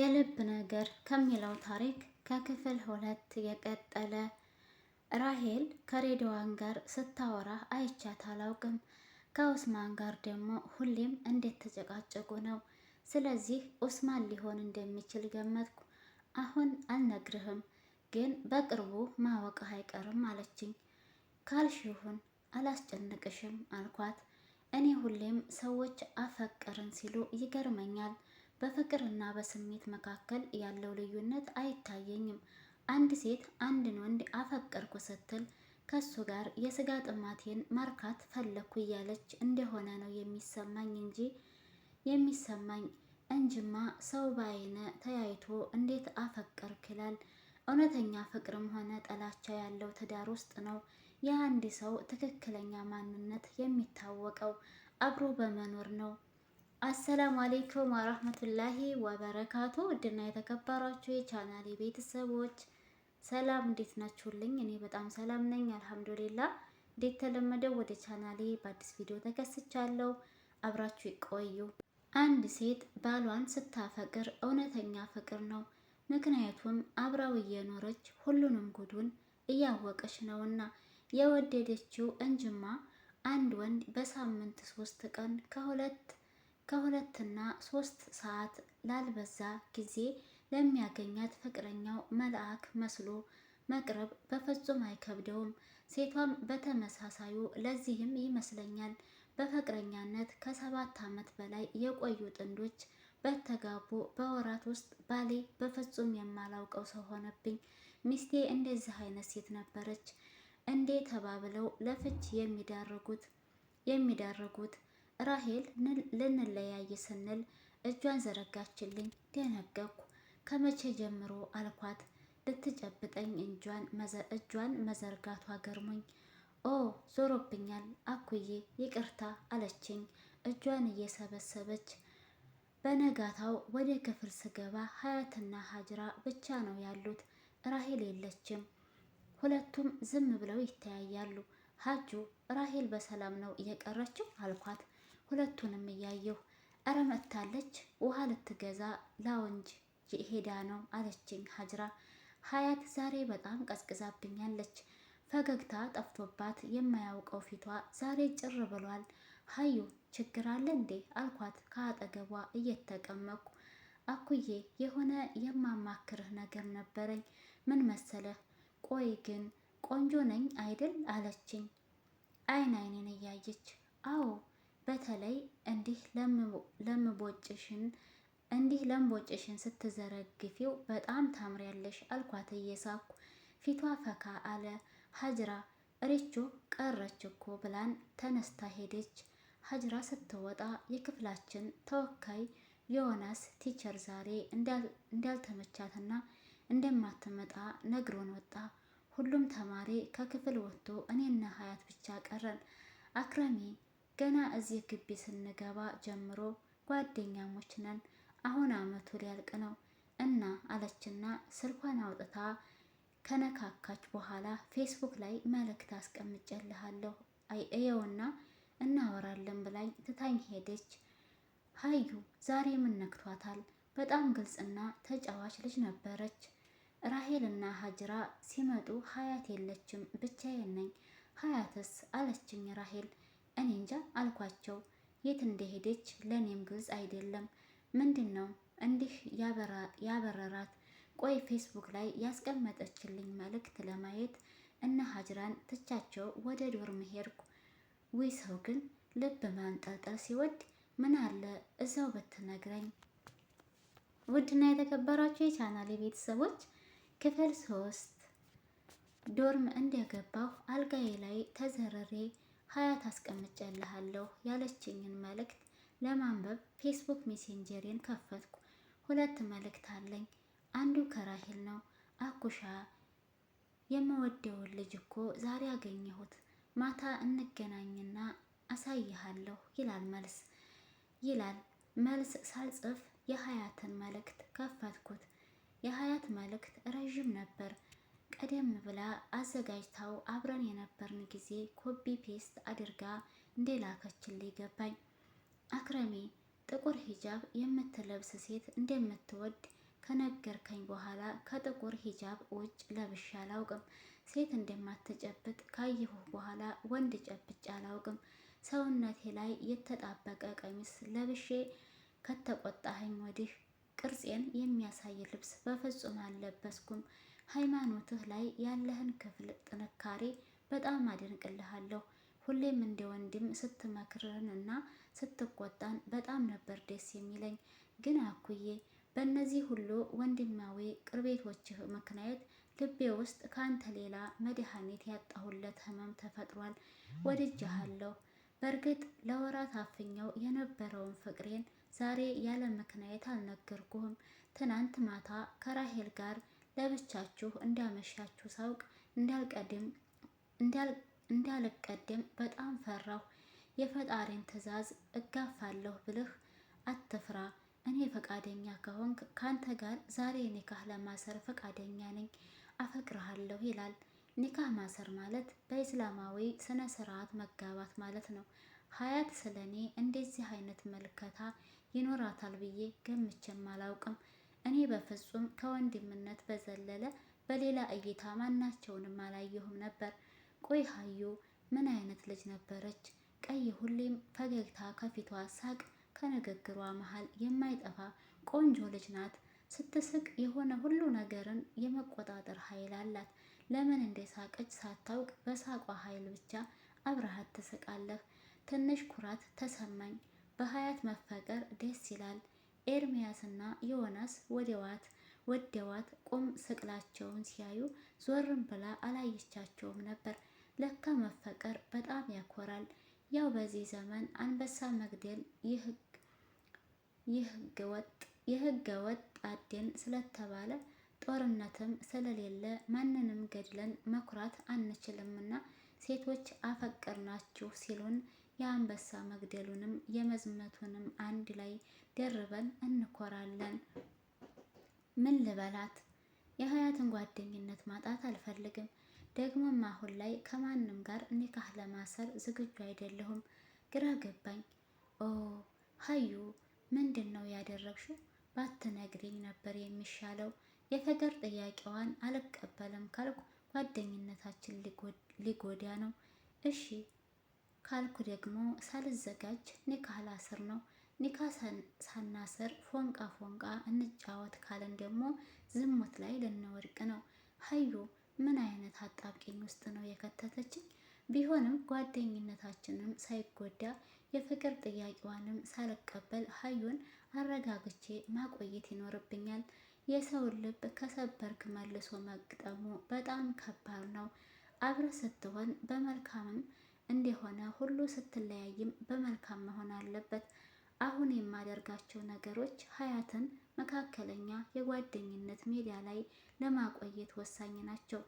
የልብ ነገር ከሚለው ታሪክ ከክፍል ሁለት የቀጠለ። ራሄል ከሬዲዋን ጋር ስታወራ አይቻት አላውቅም። ከኡስማን ጋር ደግሞ ሁሌም እንዴት ተጨቃጨቁ ነው። ስለዚህ ኡስማን ሊሆን እንደሚችል ገመትኩ። አሁን አልነግርህም፣ ግን በቅርቡ ማወቅ አይቀርም አለችኝ። ካልሽሁን አላስጨንቅሽም አልኳት። እኔ ሁሌም ሰዎች አፈቀርን ሲሉ ይገርመኛል። በፍቅርና በስሜት መካከል ያለው ልዩነት አይታየኝም። አንድ ሴት አንድን ወንድ አፈቀርኩ ስትል ከሱ ጋር የስጋ ጥማቴን ማርካት ፈለግኩ እያለች እንደሆነ ነው የሚሰማኝ እንጂ የሚሰማኝ እንጅማ ሰው በአይነ ተያይቶ እንዴት አፈቀርክ ይላል። እውነተኛ ፍቅርም ሆነ ጠላቻ ያለው ትዳር ውስጥ ነው የአንድ ሰው ትክክለኛ ማንነት የሚታወቀው። አብሮ በመኖር ነው። አሰላሙ አሌይኩም ወራህመቱላሂ ወበረካቱ። ውድና የተከበራችሁ የቻናሌ ቤተሰቦች ሰላም፣ እንዴት ናችሁልኝ? እኔ በጣም ሰላም ነኝ አልሐምዱሊላ። እንዴት ተለመደው ወደ ቻናሌ በአዲስ ቪዲዮ ተከስቻለሁ። አብራችሁ ይቆዩ። አንድ ሴት ባሏን ስታፈቅር እውነተኛ ፍቅር ነው። ምክንያቱም አብራው እየኖረች ሁሉንም ጉዱን እያወቀች ነውና የወደደችው እንጅማ አንድ ወንድ በሳምንት ሶስት ቀን ከሁለት ከሁለትና ሶስት ሰዓት ላልበዛ ጊዜ ለሚያገኛት ፍቅረኛው መልአክ መስሎ መቅረብ በፍጹም አይከብደውም። ሴቷም በተመሳሳዩ ለዚህም ይመስለኛል በፍቅረኛነት ከሰባት ዓመት በላይ የቆዩ ጥንዶች በተጋቡ በወራት ውስጥ ባሌ በፍጹም የማላውቀው ሰው ሆነብኝ፣ ሚስቴ እንደዚህ አይነት ሴት ነበረች እንዴ ተባብለው ለፍች የሚዳረጉት የሚዳረጉት ራሄል ልንለያይ ስንል እጇን ዘረጋችልኝ። ደነገኩ። ከመቼ ጀምሮ አልኳት። ልትጨብጠኝ እጇን መዘርጋቷ ገርሞኝ፣ ኦ ዞሮብኛል አኩዬ ይቅርታ አለችኝ እጇን እየሰበሰበች። በነጋታው ወደ ክፍል ስገባ ሀያትና ሀጅራ ብቻ ነው ያሉት። ራሄል የለችም። ሁለቱም ዝም ብለው ይተያያሉ። ሀጁ ራሄል በሰላም ነው እየቀረችው አልኳት። ሁለቱንም እያየሁ እረ ውሃ ልትገዛ ላውንጅ ሄዳ ነው አለችኝ ሀጅራ። ሀያት ዛሬ በጣም ቀዝቅዛብኛለች። ፈገግታ ጠፍቶባት የማያውቀው ፊቷ ዛሬ ጭር ብሏል። ሀዩ ችግር አለ እንዴ አልኳት ከአጠገቧ እየተቀመኩ። አኩዬ የሆነ የማማክርህ ነገር ነበረኝ። ምን መሰለህ? ቆይ ግን ቆንጆ ነኝ አይደል አለችኝ አይን አይኔን እያየች አዎ በተለይ እንዲህ ለምቦጭሽን እንዲህ ለምቦጭሽን ስትዘረግፊው በጣም ታምሪያለሽ አልኳት እየሳኩ። ፊቷ ፈካ አለ። ሀጅራ እሬቾ ቀረች እኮ ብላን ተነስታ ሄደች። ሀጅራ ስትወጣ የክፍላችን ተወካይ ዮናስ ቲቸር ዛሬ እንዳልተመቻትና እንደማትመጣ ነግሮን ወጣ። ሁሉም ተማሪ ከክፍል ወጥቶ እኔና ሀያት ብቻ ቀረን። አክረሚ ገና እዚህ ግቢ ስንገባ ጀምሮ ጓደኛሞች ነን። አሁን አመቱ ሊያልቅ ነው እና አለችና ስልኳን አውጥታ ከነካካች በኋላ ፌስቡክ ላይ መልእክት አስቀምጨልሃለሁ እየውና እናወራለን ብላኝ ትታኝ ሄደች። ሀዩ ዛሬ ምን ነክቷታል? በጣም ግልጽና ተጫዋች ልጅ ነበረች። ራሄልና ሀጅራ ሲመጡ ሀያት የለችም ብቻዬን ነኝ ሀያትስ አለችኝ ራሄል እኔ እንጃ አልኳቸው። የት እንደሄደች ለእኔም ግልጽ አይደለም። ምንድን ነው እንዲህ ያበረራት? ቆይ ፌስቡክ ላይ ያስቀመጠችልኝ መልእክት ለማየት እነ ሀጅራን ትቻቸው ወደ ዶርም ሄድኩ። ውይ ሰው ግን ልብ ማንጠልጠል ሲወድ ምን አለ እዛው ብትነግረኝ። ውድና የተከበራችሁ የቻናል ቤተሰቦች ክፍል ሶስት ዶርም እንደገባሁ አልጋዬ ላይ ተዘረሬ ሀያት አስቀምጬልሃለሁ ያለችኝን መልእክት ለማንበብ ፌስቡክ ሜሴንጀሬን ከፈትኩ። ሁለት መልእክት አለኝ። አንዱ ከራሂል ነው። አኩሻ የምወደውን ልጅ እኮ ዛሬ አገኘሁት፣ ማታ እንገናኝና አሳይሃለሁ ይላል መልስ ይላል መልስ ሳልጽፍ የሀያትን መልእክት ከፈትኩት። የሀያት መልእክት ረዥም ነበር። ቀደም ብላ አዘጋጅታው አብረን የነበርን ጊዜ ኮፒ ፔስት አድርጋ እንደላከችልኝ ገባኝ። አክረሜ ጥቁር ሂጃብ የምትለብስ ሴት እንደምትወድ ከነገርከኝ በኋላ ከጥቁር ሂጃብ ውጭ ለብሼ አላውቅም። ሴት እንደማትጨብጥ ካየሁ በኋላ ወንድ ጨብጬ አላውቅም። ሰውነቴ ላይ የተጣበቀ ቀሚስ ለብሼ ከተቆጣኸኝ ወዲህ ቅርጼን የሚያሳይ ልብስ በፍጹም አልለበስኩም። ሃይማኖትህ ላይ ያለህን ክፍል ጥንካሬ በጣም አደንቅልሃለሁ። ሁሌም እንደ ወንድም ስትመክርን እና ስትቆጣን በጣም ነበር ደስ የሚለኝ። ግን አኩዬ በእነዚህ ሁሉ ወንድማዊ ቅርቤቶችህ ምክንያት ልቤ ውስጥ ከአንተ ሌላ መድኃኒት ያጣሁለት ህመም ተፈጥሯል። ወድጃሃለሁ። በእርግጥ ለወራት አፍኛው የነበረውን ፍቅሬን ዛሬ ያለ ምክንያት አልነገርኩህም። ትናንት ማታ ከራሄል ጋር ለብቻችሁ እንዳመሻችሁ ሳውቅ እንዳልቀድም በጣም ፈራሁ። የፈጣሪን ትዕዛዝ እጋፋለሁ ብልህ አትፍራ። እኔ ፈቃደኛ ከሆንክ ከአንተ ጋር ዛሬ ኒካህ ለማሰር ፈቃደኛ ነኝ፣ አፈቅርሃለሁ ይላል። ኒካህ ማሰር ማለት በኢስላማዊ ስነ ስርዓት መጋባት ማለት ነው። ሀያት ስለ እኔ እንደዚህ አይነት መልከታ ይኖራታል ብዬ ገምቼም አላውቅም። እኔ በፍጹም ከወንድምነት በዘለለ በሌላ እይታ ማናቸውንም አላየሁም ነበር። ቆይ ሀዩ ምን አይነት ልጅ ነበረች? ቀይ ሁሌም ፈገግታ ከፊቷ ሳቅ ከንግግሯ መሀል የማይጠፋ ቆንጆ ልጅ ናት። ስትስቅ የሆነ ሁሉ ነገርን የመቆጣጠር ኃይል አላት። ለምን እንደሳቀች ሳታውቅ በሳቋ ኃይል ብቻ አብረሃት ትስቃለህ። ትንሽ ኩራት ተሰማኝ። በሀያት መፈቀር ደስ ይላል። ኤርሚያስና ዮናስ ወደዋት ወደዋት ቁም ስቅላቸውን ሲያዩ ዞርም ብላ አላየቻቸውም ነበር። ለካ መፈቀር በጣም ያኮራል። ያው በዚህ ዘመን አንበሳ መግደል የህገ ወጥ አደን ስለተባለ ጦርነትም ስለሌለ ማንንም ገድለን መኩራት አንችልምና ሴቶች አፈቀርናችሁ ሲሉን የአንበሳ መግደሉንም የመዝመቱንም አንድ ላይ ደርበን እንኮራለን። ምን ልበላት? የሀያትን ጓደኝነት ማጣት አልፈልግም። ደግሞም አሁን ላይ ከማንም ጋር ኒካህ ለማሰር ዝግጁ አይደለሁም። ግራ ገባኝ። ኦ ሀዩ፣ ምንድን ነው ያደረግሽው? ባትነግሪኝ ነበር የሚሻለው። የፈገር ጥያቄዋን አልቀበልም ካልኩ ጓደኝነታችን ሊጎዳ ነው። እሺ ካልኩ ደግሞ ሳልዘጋጅ ኒካህ ላስር ነው። ኒካህ ሳናስር ፎንቃ ፎንቃ እንጫወት ካለን ደግሞ ዝሙት ላይ ልንወድቅ ነው። ሀዩ ምን አይነት አጣብቂኝ ውስጥ ነው የከተተች ቢሆንም ጓደኝነታችንም ሳይጎዳ የፍቅር ጥያቄዋንም ሳልቀበል ሀዩን አረጋግቼ ማቆየት ይኖርብኛል። የሰውን ልብ ከሰበርክ መልሶ መግጠሙ በጣም ከባድ ነው። አብረ ስትሆን በመልካምም እንደሆነ ሁሉ ስትለያይም በመልካም መሆን አለበት። አሁን የማደርጋቸው ነገሮች ሀያትን መካከለኛ የጓደኝነት ሜዳ ላይ ለማቆየት ወሳኝ ናቸው።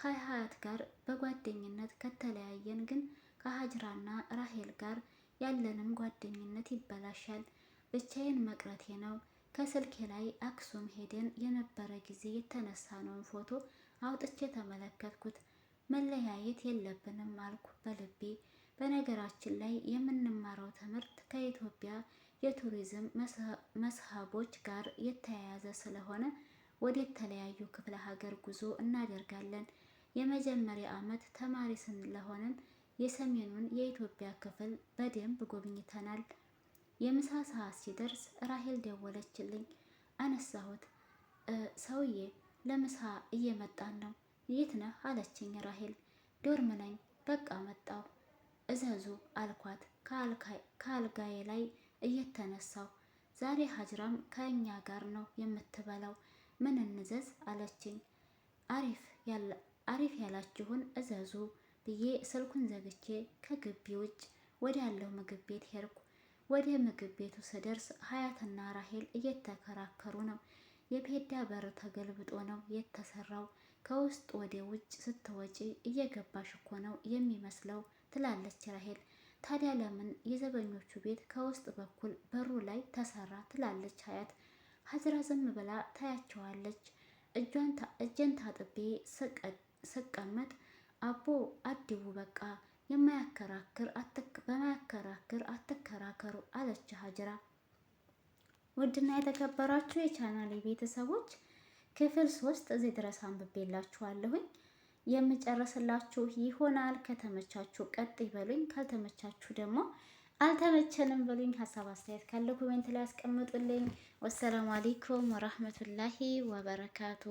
ከሀያት ጋር በጓደኝነት ከተለያየን ግን ከሀጅራና ራሄል ጋር ያለንን ጓደኝነት ይበላሻል። ብቻዬን መቅረቴ ነው። ከስልኬ ላይ አክሱም ሄደን የነበረ ጊዜ የተነሳነውን ፎቶ አውጥቼ ተመለከትኩት። መለያየት የለብንም አልኩ በልቤ። በነገራችን ላይ የምንማረው ትምህርት ከኢትዮጵያ የቱሪዝም መስህቦች ጋር የተያያዘ ስለሆነ ወደ የተለያዩ ክፍለ ሀገር ጉዞ እናደርጋለን። የመጀመሪያ ዓመት ተማሪ ስለሆንን የሰሜኑን የኢትዮጵያ ክፍል በደንብ ጎብኝተናል። የምሳ ሰዓት ሲደርስ ራሄል ደወለችልኝ። አነሳሁት። ሰውዬ ለምሳ እየመጣን ነው የት ነህ አለችኝ ራሄል። ዶርም ነኝ በቃ መጣሁ እዘዙ አልኳት ከአልጋዬ ላይ እየተነሳው ዛሬ ሀጅራም ከእኛ ጋር ነው የምትበላው ምን እንዘዝ አለችኝ። አሪፍ ያላችሁን እዘዙ ብዬ ስልኩን ዘግቼ ከግቢ ውጭ ወዳለው ምግብ ቤት ሄድኩ። ወደ ምግብ ቤቱ ስደርስ ሀያትና ራሄል እየተከራከሩ ነው። የፔዳ በር ተገልብጦ ነው የተሰራው። ከውስጥ ወደ ውጭ ስትወጪ እየገባሽ እኮ ነው የሚመስለው ትላለች ራሄል። ታዲያ ለምን የዘበኞቹ ቤት ከውስጥ በኩል በሩ ላይ ተሰራ ትላለች ሀያት። ሀዝራ ዝም ብላ ታያቸዋለች። እጄን ታጥቤ ስቀመጥ አቦ አዲቡ በቃ የማያከራክር በማያከራክር አትከራከሩ አለች ሀጅራ። ውድና የተከበራችሁ የቻናሌ ቤተሰቦች ክፍል ሶስት እዚህ ድረስ አንብቤላችኋለሁኝ። የምጨርስላችሁ ይሆናል። ከተመቻችሁ ቀጥ ይበሉኝ፣ ካልተመቻችሁ ደግሞ አልተመቸንም በሉኝ። ሀሳብ አስተያየት ካለ ኮሜንት ላይ ያስቀምጡልኝ። ወሰላሙ አሌይኩም ወራህመቱላሂ ወበረካቱ